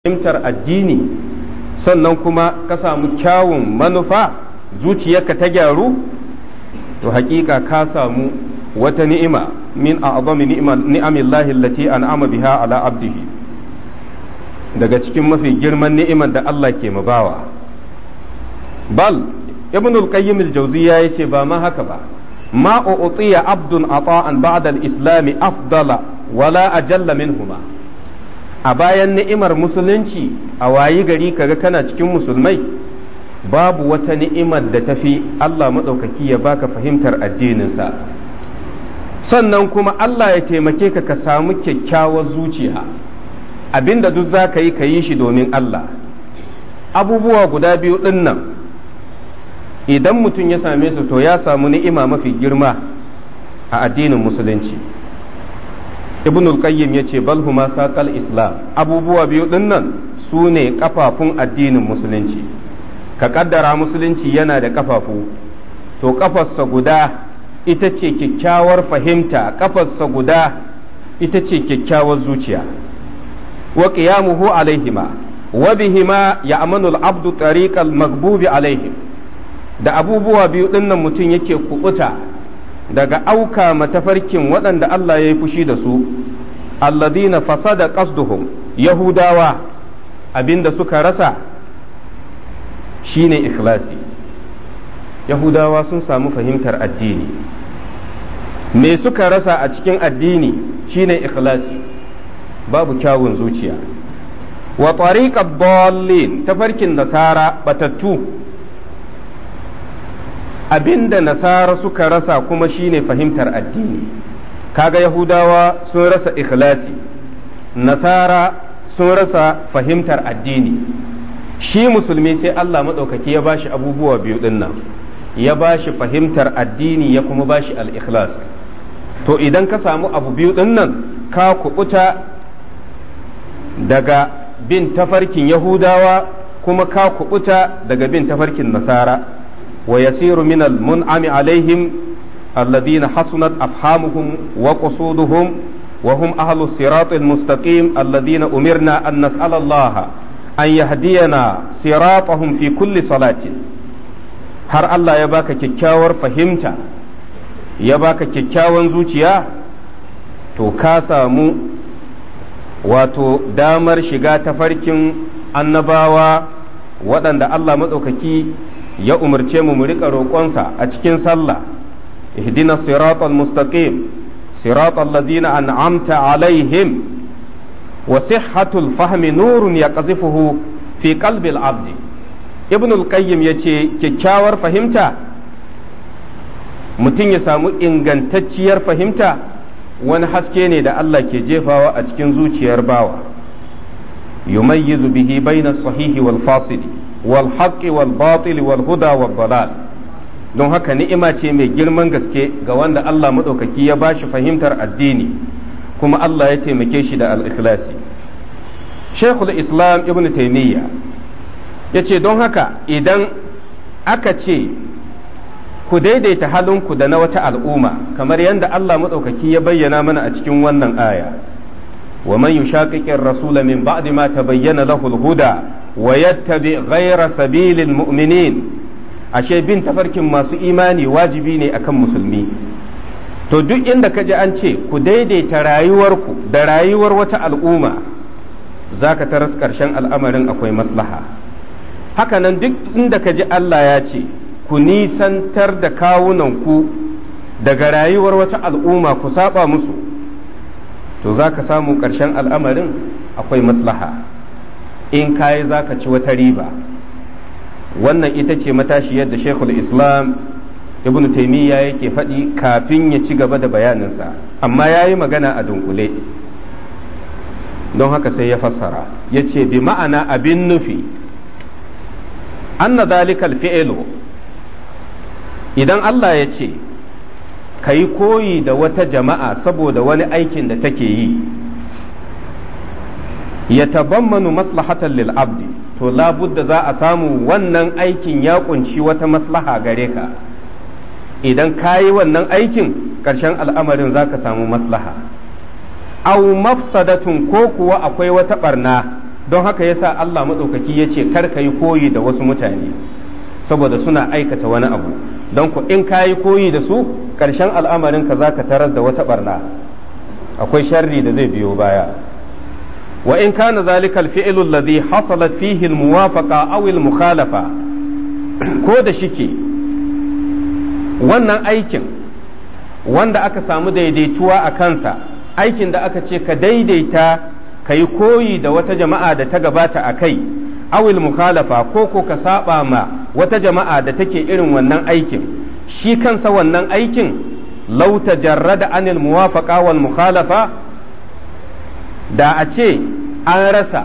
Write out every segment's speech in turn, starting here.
fahimtar addini sannan kuma ka samu kyawun manufa zuciyarka ta gyaru to hakika ka samu wata ni'ima min a'zami lati allati ama biha ala abdihi daga cikin mafi girman ni'imar da Allah ke mabawa bal ibn al-qayyim al-jawziya yace ba ma haka ba ma u'tiya abdun ata'an ba'da al-islam afdala wala ajalla minhuma a bayan ni'imar musulunci a wayi gari kaga kana cikin musulmai babu wata ni'imar da ta fi Allah maɗaukaki ya baka fahimtar addininsa sannan kuma Allah ya taimake ka ka samu kyakkyawar zuciya abinda duk za ka yi ka yi shi domin Allah abubuwa guda biyu ɗin nan idan mutum ya same su to ya samu ni'ima mafi girma a addinin musulunci ibn al-qayyim yace bal huma saqal islam abubuwa biyu dinnan su ne kafafun addinin musulunci ka kaddara musulunci yana da kafafu to kafarsa guda ita ce kyakkyawar fahimta kafarsa guda ita ce kyakkyawar zuciya wa qiyamuhu alaihima wa bihima ya'manu al-abdu tariqal maghbubi alaihim da abubuwa biyu dinnan mutum yake kubuta daga auka matafarkin waɗanda Allah ya yi fushi da su alladina fasada qasduhum yahudawa abinda suka rasa shine ikhlasi yahudawa sun samu fahimtar addini me suka rasa a cikin addini shine ikhlasi babu kyawun zuciya wa tariqa dallin tafarkin nasara batattu abinda nasara suka rasa kuma shine fahimtar addini kaga yahudawa sun rasa ikhlasi nasara sun rasa fahimtar addini shi musulmi sai Allah maɗaukaki ya bashi abubuwa biyu dinnan ya bashi fahimtar addini ya kuma bashi al-ikhlas to idan ka samu abu biyu dinnan ka kubuta daga bin tafarkin yahudawa kuma ka kubuta daga bin tafarkin nasara ويسير من المنعم عليهم الذين حسنت أفهامهم وقصودهم وهم أهل الصراط المستقيم الذين أمرنا أن نسأل الله أن يهدينا صراطهم في كل صلاة har Allah ya baka kyakkyawar fahimta ya baka kyakkyawan zuciya to ka samu wato damar shiga tafarkin annabawa waɗanda Allah maɗaukaki ya umarce mu mu riƙa roƙonsa a cikin sallah ihdina siratal mustaqim siratal ladzina an'amta alaihim wa sihhatul fahmi nurun yaqzifuhu fi qalbil abdi ibn al-qayyim yace kyakkyawar fahimta mutum ya samu ingantacciyar fahimta wani haske ne da Allah ke jefawa a cikin zuciyar bawa yumayyizu bihi bayna sahihi wal fasili wal haqqi wal batil wal huda wal dalal don haka ni'ima ce mai girman gaske ga wanda Allah madaukaki ya bashi fahimtar addini kuma Allah ya taimake shi da al-ikhlasi Sheikhul Islam Ibn Taymiyyah yace don haka idan aka ce ku daidaita halinku da na wata al'umma kamar yadda Allah madaukaki ya bayyana mana a cikin wannan aya wa man yushaqiqir rasula min ba'di ma tabayyana lahul huda wa yattabi ghayra sabilil mu'minin ashe bin tafarkin masu imani wajibi ne akan musulmi to duk inda ka ji an ce ku daidaita rayuwarku da rayuwar wata al'umma za ka taras ƙarshen al'amarin akwai maslaha hakanan duk inda ka ji Allah ya ce ku nisantar da kawunanku daga rayuwar wata al'umma ku saba musu to za ka samu ƙarshen al'amarin akwai maslaha in kayi za ka ci wata riba wannan ita ce matashiyar da shekul islam ibn taimiyya yake faɗi kafin ya ci gaba da bayaninsa amma ya yi magana a dunkule don haka sai ya fassara ya ce bi ma'ana abin nufi an na zalikal fi'ilo idan allah ya ce ka yi koyi da wata jama'a saboda wani aikin da take yi ya tabammanu maslahatan lil abdi to labudda za a samu wannan aikin ya kunshi wata maslaha gare ka idan ka yi wannan aikin ƙarshen al'amarin za ka samu maslaha aw mafsadatun ko kuwa akwai wata barna don haka yasa Allah maɗaukaki ya ce kar ka yi koyi da wasu mutane saboda suna aikata wani abu don ku in ka yi koyi da su ƙarshen al'amarin ka za ka taras da wata barna akwai sharri da zai biyo baya wa in kana zalika al-fi'lu alladhi hasalat fihi al-muwafaqa aw ko da shike wannan aikin wanda aka samu daidaituwa a kansa aikin da aka ce ka daidaita ka yi koyi da wata jama'a da ta gabata a kai awil muhalafa ko ko ka saɓa ma wata jama'a da take irin wannan aikin shi kansa wannan aikin lauta jarrada anil muwafaqa wal mukhalafa da a ce an rasa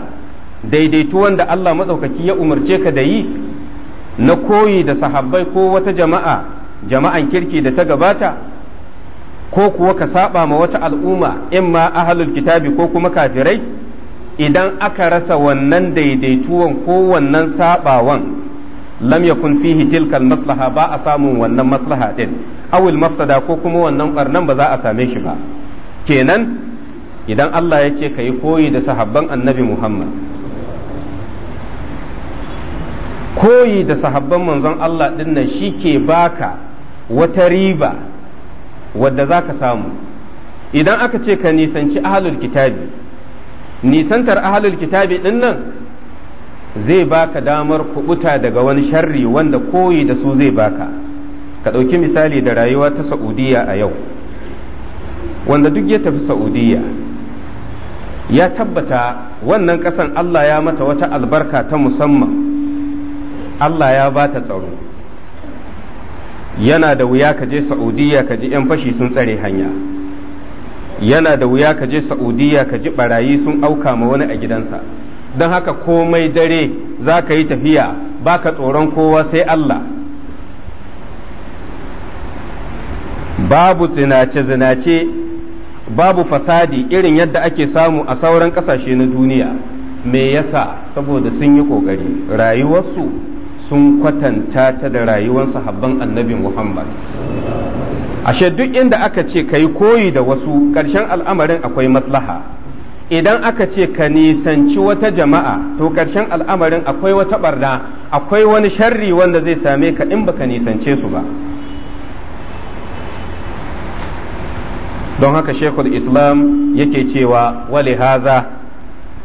daidaituwan da Allah matsaukaki ya umarce ka da yi na koyi da sahabbai ko wata jama'a jama'an kirki da ta gabata ko kuwa ka saba ma wata al'umma in ma ahalul kitabi ko kuma kafirai idan aka rasa wannan daidaituwan ko wannan sabawan lam yakun fihi tilkal maslaha ba a samun wannan maslaha din awil mafsada ko kuma wannan barnan ba za a same shi ba kenan idan Allah ya ce ka yi koyi da sahabban annabi Muhammad koyi da sahabban manzon Allah ɗin nan shi ke baka wata riba wadda za ka samu idan aka ce ka nisanci ahalul kitabi nisantar ahalul kitabi ɗin nan zai baka damar kubuta daga wani sharri wanda koyi da su zai baka ka ɗauki misali da rayuwa ta sa'udiyya a yau wanda duk ya tafi sa'udiyya ya tabbata wannan ƙasan Allah ya mata wata albarka ta musamman Allah ya ba ta tsaro yana da wuya ka je Saudiya ka ji 'yan fashi sun tsare hanya yana da wuya ka je Saudiya ka ji barayi sun auka ma wani a gidansa don haka komai dare za ka yi tafiya ba ka tsoron kowa sai Allah babu zinace-zinace babu fasadi irin yadda ake samu a sauran kasashe na duniya me yasa saboda sun yi kokari rayuwarsu sun kwatanta ta da rayuwar sahabban annabi Muhammad ashe duk inda aka ce ka yi koyi da wasu ƙarshen al'amarin akwai maslaha idan aka ce ka nisanci wata jama'a to ƙarshen al'amarin akwai wata barna akwai wani sharri wanda zai same ka in baka nisance su ba don haka shekul islam yake cewa wali haza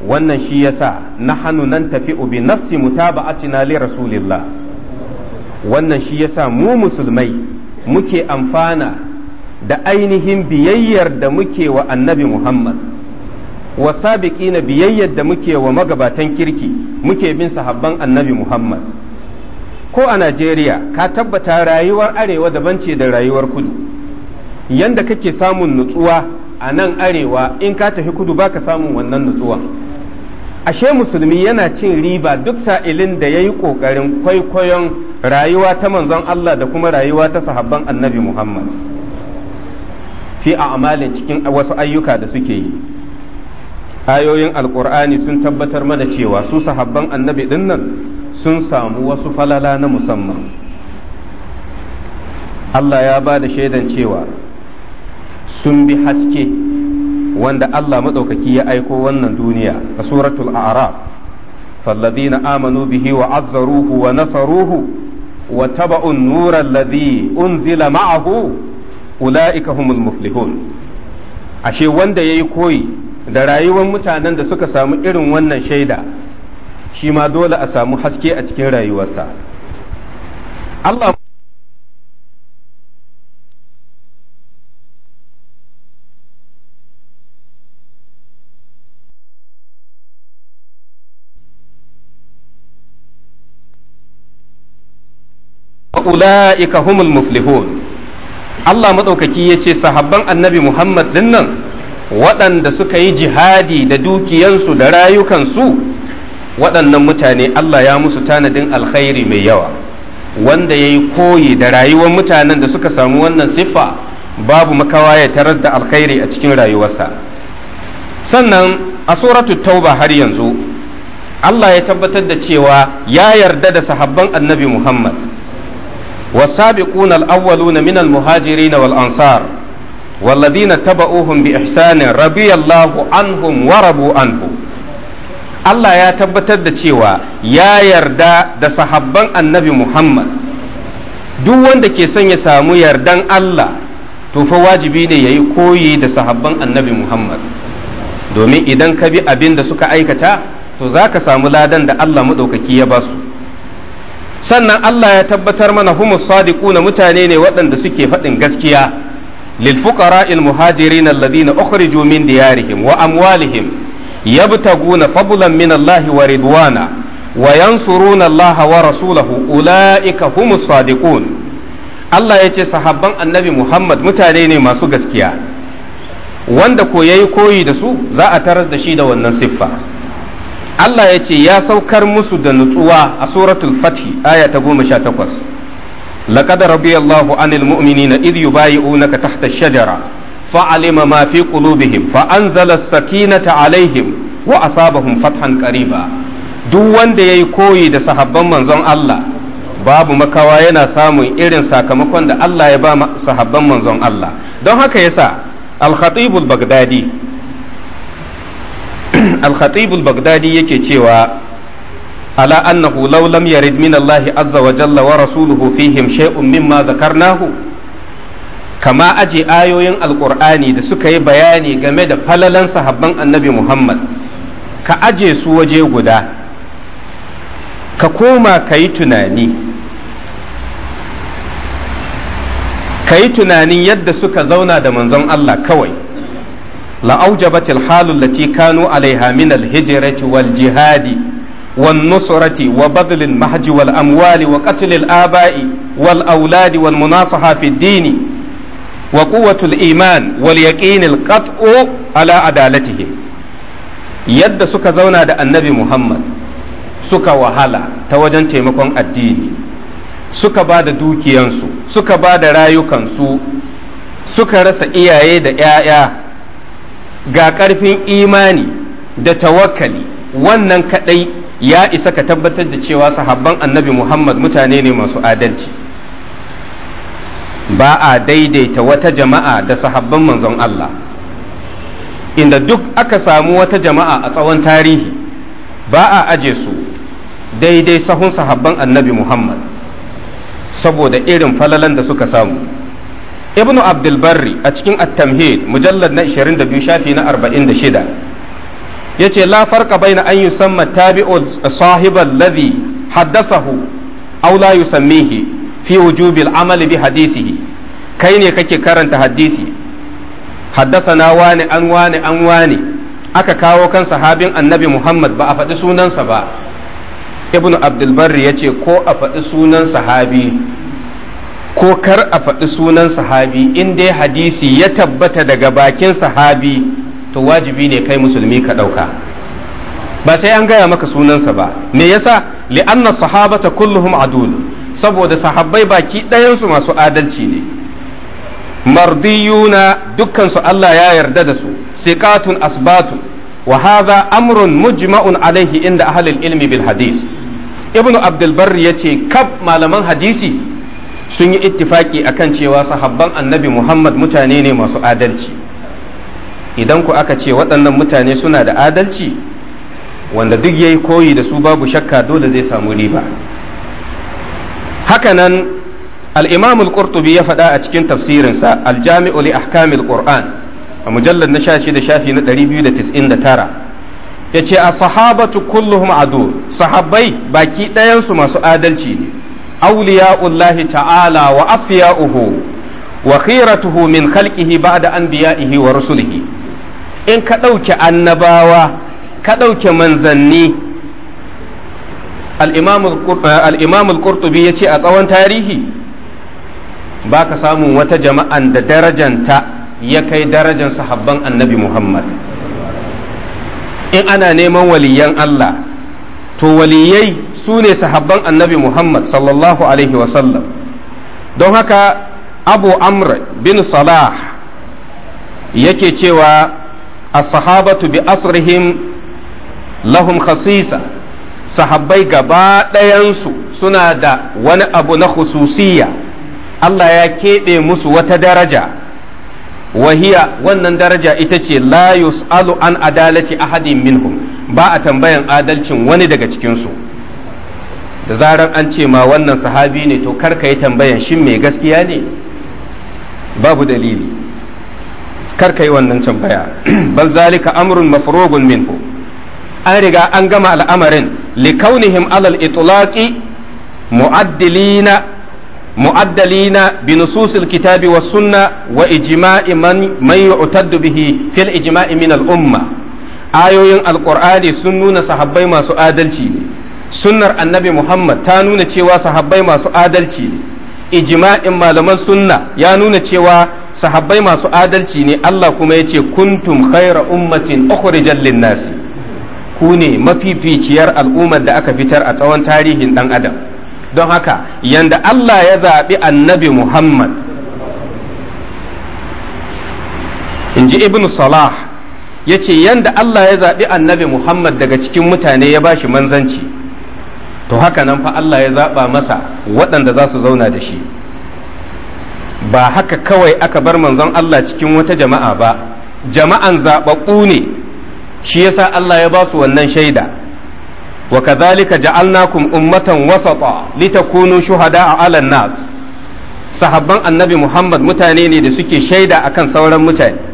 wannan shi sa na hannu nan tafi ubi nafsi mutaba'atina li rasulillah wannan shi yasa mu musulmai muke amfana da ainihin biyayyar da muke wa annabi muhammad wa sabiqina biyayyar da muke wa magabatan kirki muke bin sahabban annabi muhammad ko a najeriya ka tabbata rayuwar arewa daban ce da rayuwar kudu yanda kake samun nutsuwa a nan arewa in ka tafi kudu baka samun wannan nutsuwa ashe musulmi yana cin riba duk sa'ilin da ya yi ƙoƙarin kwaikwayon rayuwa ta manzon Allah da kuma rayuwa ta sahabban annabi Muhammad fi a cikin wasu ayyuka da suke yi ayoyin alƙur'ani sun tabbatar mana cewa su sahabban annabi dinnan sun samu wasu falala na musamman Allah ya ba da shaidan cewa sun bi haske wanda Allah maɗaukaki ya aiko wannan duniya a suratul a'raf فالذين آمنوا به وعزروه ونصروه وتبعوا النور الذي أنزل معه أولئك هم المفلحون ashe wanda ya yi koyi da rayuwar mutanen da suka samu irin wannan shaida shi ma dole a samu haske a cikin rayuwarsa fa'ula'ika humul muflihun Allah maɗaukaki ya ce sahabban annabi Muhammad dinnan waɗanda suka yi jihadi da dukiyansu da rayukansu waɗannan mutane Allah ya musu tanadin alkhairi mai yawa wanda ya yi koyi da rayuwar mutanen da suka samu wannan siffa babu makawa ya taras da alkhairi a cikin rayuwarsa sannan a suratu tauba har yanzu Allah ya tabbatar da cewa ya yarda da sahabban annabi Muhammad والسابقون الأولون من المهاجرين والأنصار والذين تبعوهم بإحسان رضي الله عنهم ورضوا عنه Allah ya tabbatar da cewa ya yarda da sahabban annabi Muhammad duk wanda ke son ya samu yardan Allah to fa wajibi ne ya yi koyi da sahabban annabi Muhammad domin idan ka bi abin da suka aikata to za ka samu ladan da Allah maɗaukaki ya basu sannan Allah ya tabbatar mana humus sadiquna mutane ne waɗanda suke faɗin gaskiya lil fuqara'il muhajirin alladhina ukhriju min diyarihim wa amwalihim yabtaguna fadlan min Allah wa ridwana wa yansuruna Allah wa rasulahu ulaika humus sadiqun Allah ya ce sahabban annabi Muhammad mutane ne masu gaskiya wanda ko yayi koyi da su za a taras da shi da wannan siffa Allah ya ce ya saukar musu da nutsuwa a suratul fathi aya ta goma sha takwas لقد رضي الله عن المؤمنين إذ يبايعونك تحت الشجرة فعلم ما في قلوبهم فأنزل السكينة عليهم وأصابهم فتحا قريبا duk wanda ya yi koyi da sahabban manzon Allah babu makawa yana samun irin sakamakon da Allah ya ba sahabban manzon Allah don haka yasa al-khatibul bagdadi al al-baghdadi yake cewa ala annahu law yarid min Allah azza wa jalla wa rasuluhu fihim shay'un mimma dhakarnahu kama aje ayoyin Alƙur'ani da suka yi bayani game da falalan sahabban annabi Muhammad ka aje su waje guda ka koma ka yi tunani ka yi tunanin yadda suka zauna da manzon Allah kawai لأوجبت الحال التي كانوا عليها من الهجرة والجهاد والنصرة وبذل المحج والأموال وقتل الآباء والأولاد والمناصحة في الدين وقوة الإيمان واليقين القطع على عدالتهم يد سكا زونا النبي محمد سكا وهلا توجن تيمكم الدين سكا بعد دوكيانسو سكا بعد رايوكانسو سكا رس إياي دا إيايا ga ƙarfin imani da tawakkali wannan kaɗai ya isa ka tabbatar da cewa sahabban annabi Muhammad mutane ne masu adalci ba a daidaita wata jama'a da sahabban manzon Allah inda duk aka samu wata jama'a a tsawon tarihi ba a aje su daidai sahun sahabban annabi Muhammad saboda irin falalan da suka samu. Ibnu abdul a cikin at-tamhid mujallad na 22 shafi na 46 yace la farqa baina an yusamma tabi'u sahiba alladhi haddathahu aw la yusammihi fi wujubil amali bi hadisihi kai ne kake karanta hadisi haddasana wani an wani an wani aka kawo kan sahabin annabi muhammad ba a faɗi sunansa ba ibnu abdul barri yace ko a faɗi sunan sahabi ko kar a faɗi sunan sahabi in dai hadisi ya tabbata daga bakin sahabi to wajibi ne kai musulmi ka ɗauka ba sai an gaya maka sunansa ba me yasa li'anna sahabata kulluhum adul saboda sahabbai baki ɗayansu masu adalci ne mardiyuna dukkansu Allah ya yarda da su siqatun asbatu wa hadha amrun mujma'un alaihi inda ahlul ilmi bil hadis ibnu abdul barri yace kab malaman hadisi sun yi ittifaki akan cewa sahabban annabi muhammad mutane ne masu adalci idan ku aka ce waɗannan mutane suna da adalci wanda duk ya yi koyi da su babu shakka dole zai samu riba hakanan al'imamul qurtubi ya faɗa a cikin tafsirinsa aljami'u ahkamil qur'an a mujallar na shashi da shafi na 299 ya ce a sahabatu kulluhum adu sahabbai baki ɗayansu masu adalci ne awliya'ullahi ta'ala wa asfiya'uhu wa khiratuhu min khalqihi ba'da anbiya'ihi wa rusulihi in ka ɗauke annabawa ka ɗauke manzanni al-imam al-qurtubi yace a tsawon tarihi ba ka samun wata jama'an da darajanta ya kai darajan sahabban annabi muhammad in ana neman waliyan allah to waliyai su ne sahabban annabi Muhammad sallallahu alaihi wasallam don haka abu amr bin salah yake cewa as-sahabatu bi asrihim lahum khasisa sahabbai gaba ɗayansu suna da wani abu na khususiyya Allah ya keɓe musu wata daraja wahiya wannan daraja ita ce la yus'alu an adalati ahadin minhum ba a tambayan adalcin wani daga cikinsu da zarar an ce ma wannan sahabi ne to karka yi tambayan shin mai gaskiya ne babu dalili karka yi wannan tambaya bal zalika amrun mafrogun minhu an riga an gama al'amarin likaunihim alal itlaqi mu'addilina mu'addalina bi nususil kitabi was sunna wa ijma'i man man bihi fil ijma'i min al umma ayoyin Alƙur'ani sun nuna sahabbai masu adalci ne sunnar annabi muhammad ta nuna cewa sahabbai masu adalci ne ijma'in malaman sunna ya nuna cewa sahabbai masu adalci ne Allah kuma ya ce kuntum khaira ummatin ukhrijal linnasi ku ne mafificiyar al'ummar da aka fitar a tsawon tarihin dan adam don haka yanda Allah ya zaɓi annabi Muhammad in ji ibn salah ya ce yanda Allah ya zaɓi annabi Muhammad daga cikin mutane ya ba shi manzanci to haka nan fa Allah ya zaɓa masa waɗanda za su zauna da shi ba haka kawai aka bar manzon Allah cikin wata jama'a ba jama'an zaɓaɓɓu ne shi yasa Allah ya ba su wannan shaida wa kadhalika ja'alnakum ummatan wasata litakunu shuhada'a 'alan nas sahabban annabi Muhammad mutane ne da suke shaida akan sauran mutane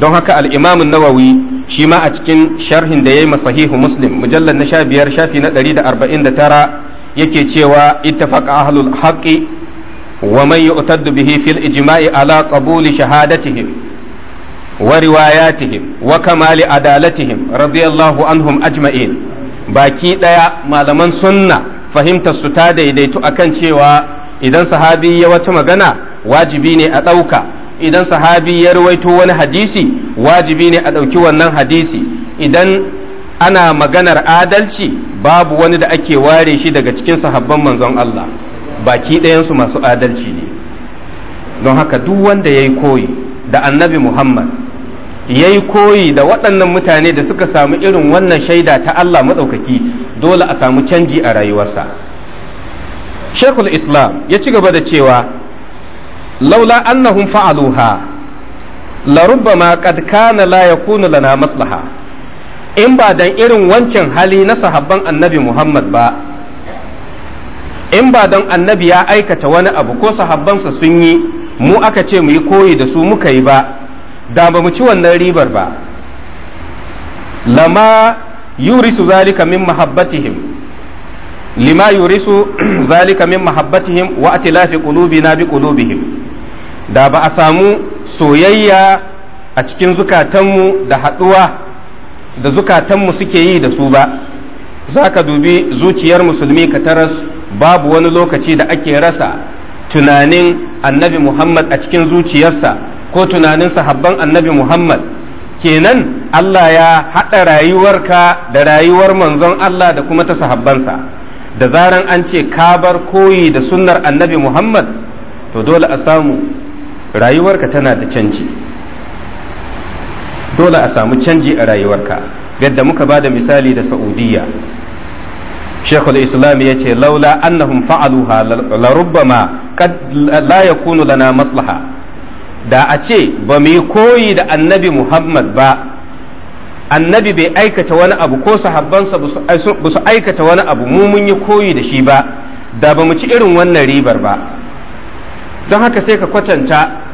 don haka al'imamin nawawi shi ma a cikin sharhin da ya ma sahihu muslim mujallar na sha biyar shafi na tara yake cewa ittafaqa ahlul haƙi. wa man yu'taddu bihi fil ijma'i ala qabuli shahadatihim wa riwayatihim wa kamali adalatihim radiyallahu anhum ajma'in baki ɗaya malaman sunna fahimtar su ta daidaitu akan cewa idan sahabi ya wata magana wajibi ne a ɗauka idan sahabi ya rawaito wani hadisi wajibi ne a ɗauki wannan hadisi idan ana maganar adalci babu wani da ake ware shi daga cikin sahabban manzon Allah baki ɗayansu masu adalci ne don haka duk wanda ya yi koyi da annabi Muhammad ya yi koyi da waɗannan mutane da suka samu irin wannan shaida ta Allah maɗaukaki dole a samu canji a rayuwarsa. Shekul Islam ya ci gaba da cewa laula annahum fa'aluha larubbama qad kana la yakunu lana maslaha in ba dan irin wancan hali na sahabban annabi Muhammad ba in ba dan annabi ya aikata wani abu ko sahabbansa sun yi mu aka ce mu yi koyi da su muka yi ba da ba mu ci wannan ribar ba lama yurisu zalika min mahabbatihim lima yurisu zalika min mahabbatihim wa atilafi qulubina bi qulubihim da ba a samu soyayya a cikin zukatanmu da haɗuwa da zukatanmu suke yi da su ba za ka dubi zuciyar musulmi ka taras babu wani lokaci da ake rasa tunanin annabi muhammad a cikin zuciyarsa ko tunanin sahabban annabi muhammad kenan allah ya haɗa rayuwarka da rayuwar manzon allah da kuma ta sahabbansa da zaran an ce ka bar koyi da sunnar annabi muhammad to dole a samu rayuwarka tana da canji dole a samu canji a rayuwarka yadda muka ba da misali da sa'udiyya shekul islam ya ce laula annahum fa'aluha la rubbama la yakunu lana maslaha da a ce ba mu yi koyi da annabi muhammad ba annabi bai aikata wani abu ko sahabbansa ba su aikata wani abu mu mun yi koyi da shi ba da ba mu ci irin wannan ribar ba don haka sai ka kwatanta